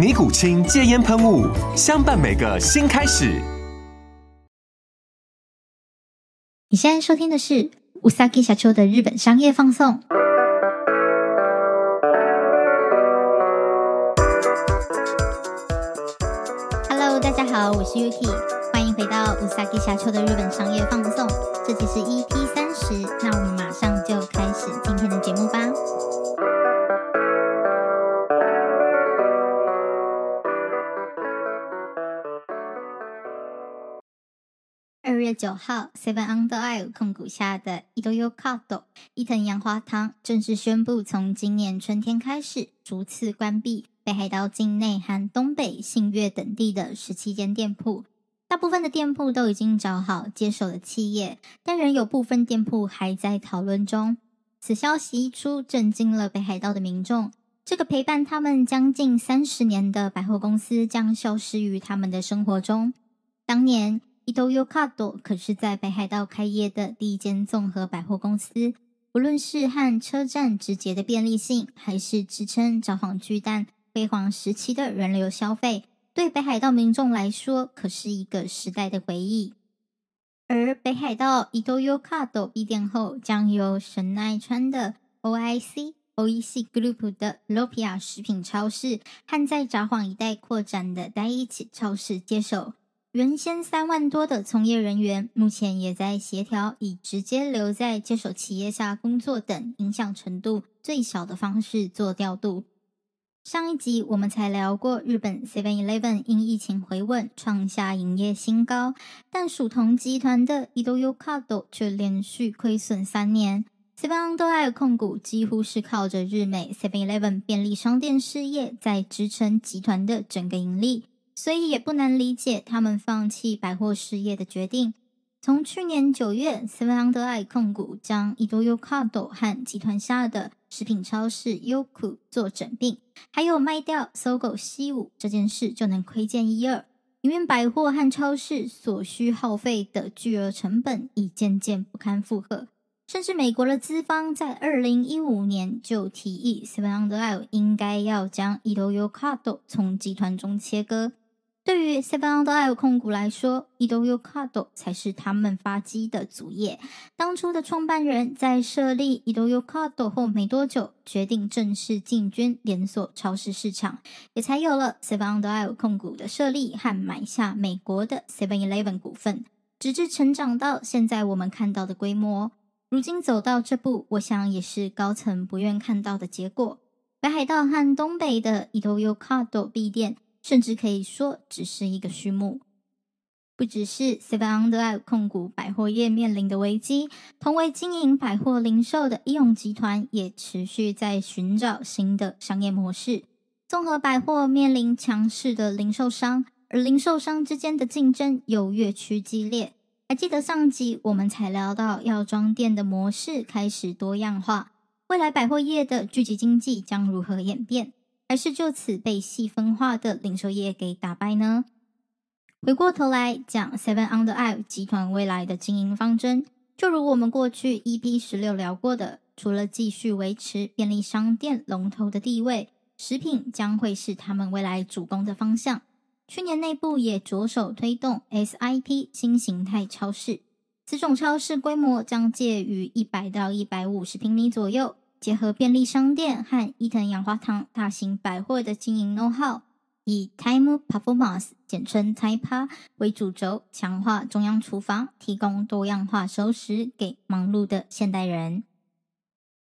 尼古清戒菸噴霧，相伴每個新開始。你現在收聽的是うさぎ社長的日本商業放送。哈嘍，大家好，我是 Yuki，歡迎回到うさぎ社長的日本商業放送。這集是 EP 三十，那我們。九號 Seven & I 控股下的イトーヨーカドー、伊藤洋華堂正式宣布，從今年春天開始，逐次關閉北海道境內含東北、信越等地的十七間店鋪。大部分的店鋪都已經找好接手的企業，但仍有部分店鋪還在討論中。此消息一出，震驚了北海道的民眾。這個陪伴他們將近三十年的百貨公司將消失於他們的生活中。當年。伊藤洋華堂可是在北海道開業的第一間綜合百貨公司。無論是和車站直接的便利性，還是支撐札幌巨蛋輝煌時期的人流消費，對北海道民眾來說，可是一個時代的回憶。而北海道伊藤洋華堂閉店後，將由神奈川的 OIC OEC Group 的 Lopia 食品超市和在札幌一帶擴展的 Daiichi 超市接手。原先三萬多的從業人員，目前也在協調，以直接留在接手企業下工作等影響程度最小的方式做調度。上一集我們才聊過，日本 Seven Eleven 因疫情回穩，創下營業新高，但屬同集團的 Ito Yokado 卻連續虧損三年。Seven & i 控股幾乎是靠着日美 Seven Eleven 便利商店事業在支撐集團的整個盈利。所以也不難理解他們放棄百貨事業的決定。從去年九月，Seven&i 控股將伊豆優卡斗和集團下的食品超市優酷做整併，還有賣掉搜狗西武這件事，就能窺見一二。因為百貨和超市所需耗費的巨額成本已漸漸不堪負荷，甚至美國的資方在二零一五年就提議 Seven&i 應該要將伊豆優卡斗從集團中切割。對於 7&i 控股來說，Ito Yokado 才是他們發跡的主業。當初的創辦人在設立 Ito Yokado 後沒多久，決定正式進軍連鎖超市市場，也才有了 7&i 控股的設立和買下美國的 SevenEleven 股份，直至成長到現在我們看到的規模哦。如今走到這步，我想也是高層不願看到的結果。北海道和東北的 Ito Yokado 閉店。甚至可以說，只是一個序幕。不只是 SevenEleven 控股百貨業面臨的危機，同為經營百貨零售的宜勇集團，也持續在尋找新的商業模式。綜合百貨面臨強勢的零售商，而零售商之間的競爭又越趨激烈。還記得上集我們才聊到，藥妝店的模式開始多樣化。未來百貨業的聚集經濟將如何演變？還是就此被細分化的零售業給打敗呢？回過頭來講 Seven & i 集團未來的經營方針，就如我們過去 EP 十六聊過的，除了繼續維持便利商店龍頭的地位，食品將會是他們未來主攻的方向。去年內部也着手推動 SIP 新形態超市，此種超市規模將介於一百到一百五十平米左右。結合便利商店和伊藤洋華堂大型百貨的經營 know how，以 Time Performance 簡稱タイパ為主軸，強化中央廚房，提供多樣化熟食給忙碌的現代人。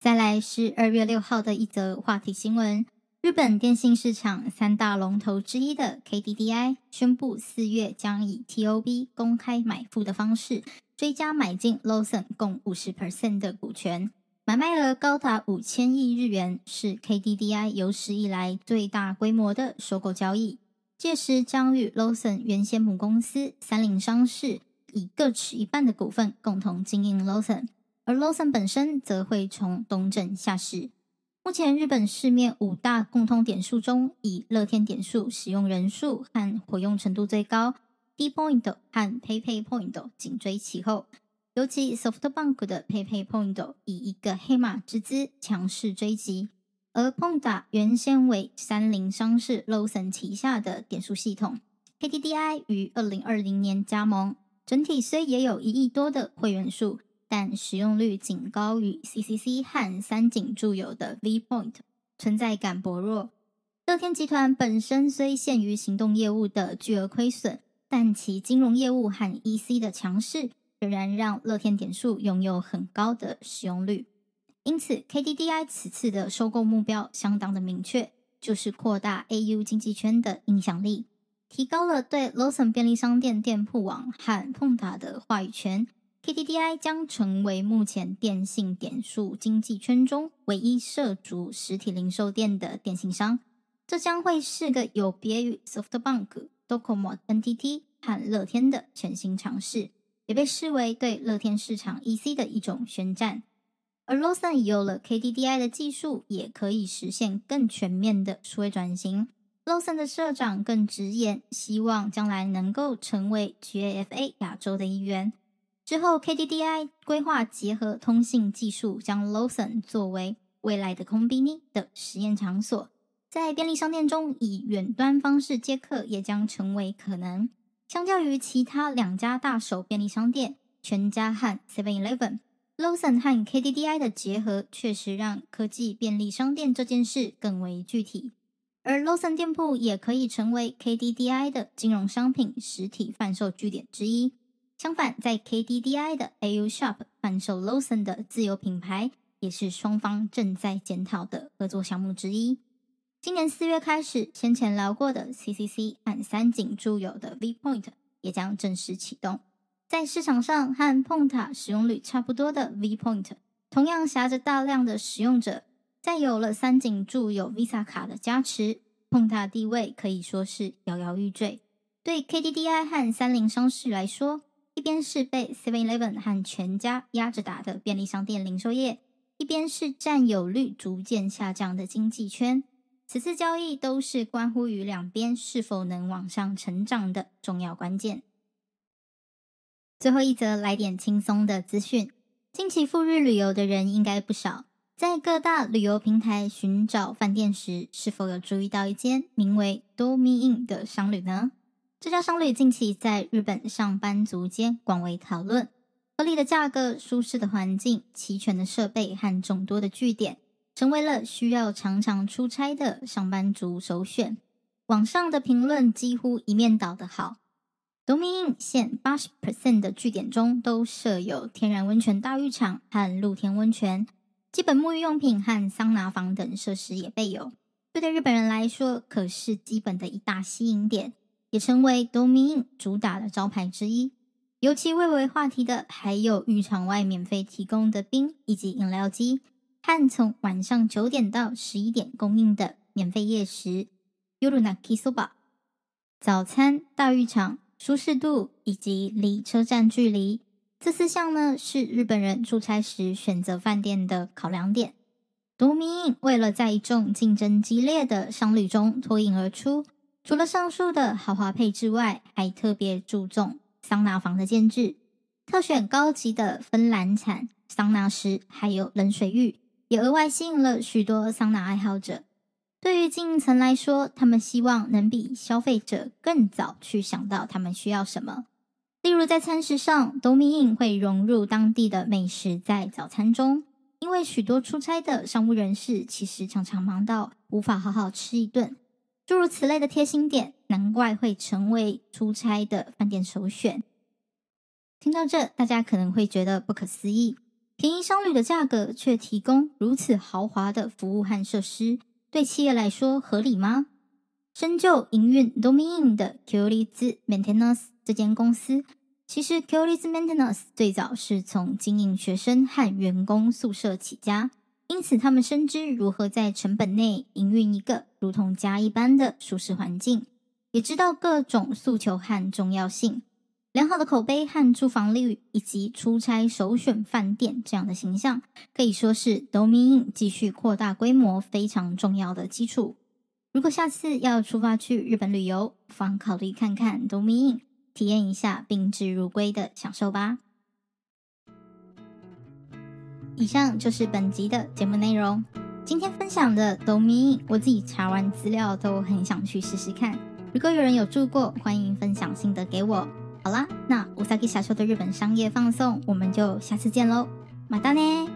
再來是二月六號的一則話題新聞：日本電信市場三大龍頭之一的 KDDI 宣布，四月將以 TOB 公開買付的方式追加買進 LAWSON 共五十 percent 的股權。買賣額高達五千億日元，是 KDDI 有史以來最大規模的收購交易，屆時將與 LAWSON 原先母公司三菱商事以各持一半的股份共同經營 LAWSON，而 LAWSON 本身則會從東證下市。目前日本市面五大共通點數中，以樂天點數使用人數和活用程度最高，D Point 和 PayPay pay Point 緊追其後。尤其 Softbank 的 PayPay Pay Point 以一個黑馬之姿強勢追擊，而 Ponta 原先為三菱商事 LAWSON 旗下的點數系統，KDDI 於二零二零年加盟，整體雖也有一億多的會員數，但使用率僅高於 CCC 和三井住友的 V Point，存在感薄弱。樂天集團本身雖限於行動業務的巨額虧損，但其金融業務和 EC 的強勢。仍然讓樂天點數擁有很高的使用率，因此 KDDI 此次的收購目標相當的明確，就是擴大 AU 經濟圈的影響力，提高了對 Lawson 便利商店店鋪網和 Ponta 的話語權。KDDI 將成為目前電信點數經濟圈中唯一涉足實體零售店的電信商，這將會是個有別於 SoftBank、Docomo、NTT 和樂天的全新嘗試。也被視為對樂天市場 EC 的一種宣戰，而 LAWSON 有了 KDDI 的技術，也可以實現更全面的數位轉型。LAWSON 的社長更直言，希望將來能夠成為 GAFA 亞洲的一員。之後，KDDI 規劃結合通信技術，將 LAWSON 作為未來的 Konbini 的實驗場所，在便利商店中以遠端方式接客，也將成為可能。相較於其他兩家大手便利商店，全家和 Seven Eleven，Lawson 和 KDDI 的結合確實讓科技便利商店這件事更為具體。而 Lawson 店鋪也可以成為 KDDI 的金融商品實體販售據點之一。相反，在 KDDI 的 AU Shop 販售 Lawson 的自有品牌，也是雙方正在檢討的合作項目之一。今年四月開始，先前聊過的 CCC 和三井住友的 V Point 也將正式啟動。在市場上和碰塔使用率差不多的 V Point，同樣挾着大量的使用者。再有了三井住友 Visa 卡的加持，碰塔地位可以說是搖搖欲墜。對 KDDI 和三菱商事來說，一邊是被 Seven Eleven 和全家壓着打的便利商店零售業，一邊是占有率逐漸下降的經濟圈。此次交易都是關乎於兩邊是否能往上成長的重要關鍵。最後一則來點輕鬆的資訊：近期赴日旅遊的人應該不少，在各大旅遊平台尋找飯店時，是否有注意到一間名為 Dormy Inn 的商旅呢？這家商旅近期在日本上班族間廣為討論，合理的價格、舒適的環境、齊全的設備和眾多的據點。成為了需要常常出差的上班族首選。網上的評論幾乎一面倒的好。Dormy Inn 現80%的據點中都設有天然溫泉大浴場和露天溫泉，基本沐浴用品和桑拿房等設施也備有。這對日本人來說可是基本的一大吸引點，也成為 Dormy Inn 主打的招牌之一。尤其蔚為話題的還有浴場外免費提供的冰以及飲料機。和從晚上九點到十一點供應的免費夜食，Yoru Naki Soba，早餐大浴場舒適度以及離車站距離，這四項呢是日本人出差時選擇飯店的考量點。多米為了在一眾競爭激烈的商旅中脫穎而出，除了上述的豪華配置外，還特別注重桑拿房的建制，特選高級的芬蘭產桑拿石，還有冷水浴。也額外吸引了許多桑拿愛好者。對於經營層來說，他們希望能比消費者更早去想到他們需要什麼。例如，在餐食上，Dormy Inn 會融入當地的美食在早餐中，因為許多出差的商務人士其實常常忙到無法好好吃一頓。諸如此類的貼心點，難怪會成為出差的飯店首選。聽到這，大家可能會覺得不可思議。便宜商旅的價格卻提供如此豪華的服務和設施，對企業來說合理嗎？深究營運 Dormy Inn 的 Kyoritsu Maintenance 這間公司，其實 Kyoritsu Maintenance 最早是從經營學生和員工宿舍起家，因此他們深知如何在成本內營運一個如同家一般的舒適環境，也知道各種訴求和重要性。良好的口碑和住房率，以及出差首選飯店這樣的形象，可以說是 Dormy Inn 繼續擴大規模非常重要的基礎。如果下次要出發去日本旅遊，不妨考慮看看 Dormy Inn，體驗一下賓至如歸的享受吧。以上就是本集的節目內容。今天分享的 Dormy Inn，我自己查完資料都很想去試試看。如果有人有住過，歡迎分享心得給我。好啦，那うさぎ社長的日本商業放送，我們就下次見嘍，またね。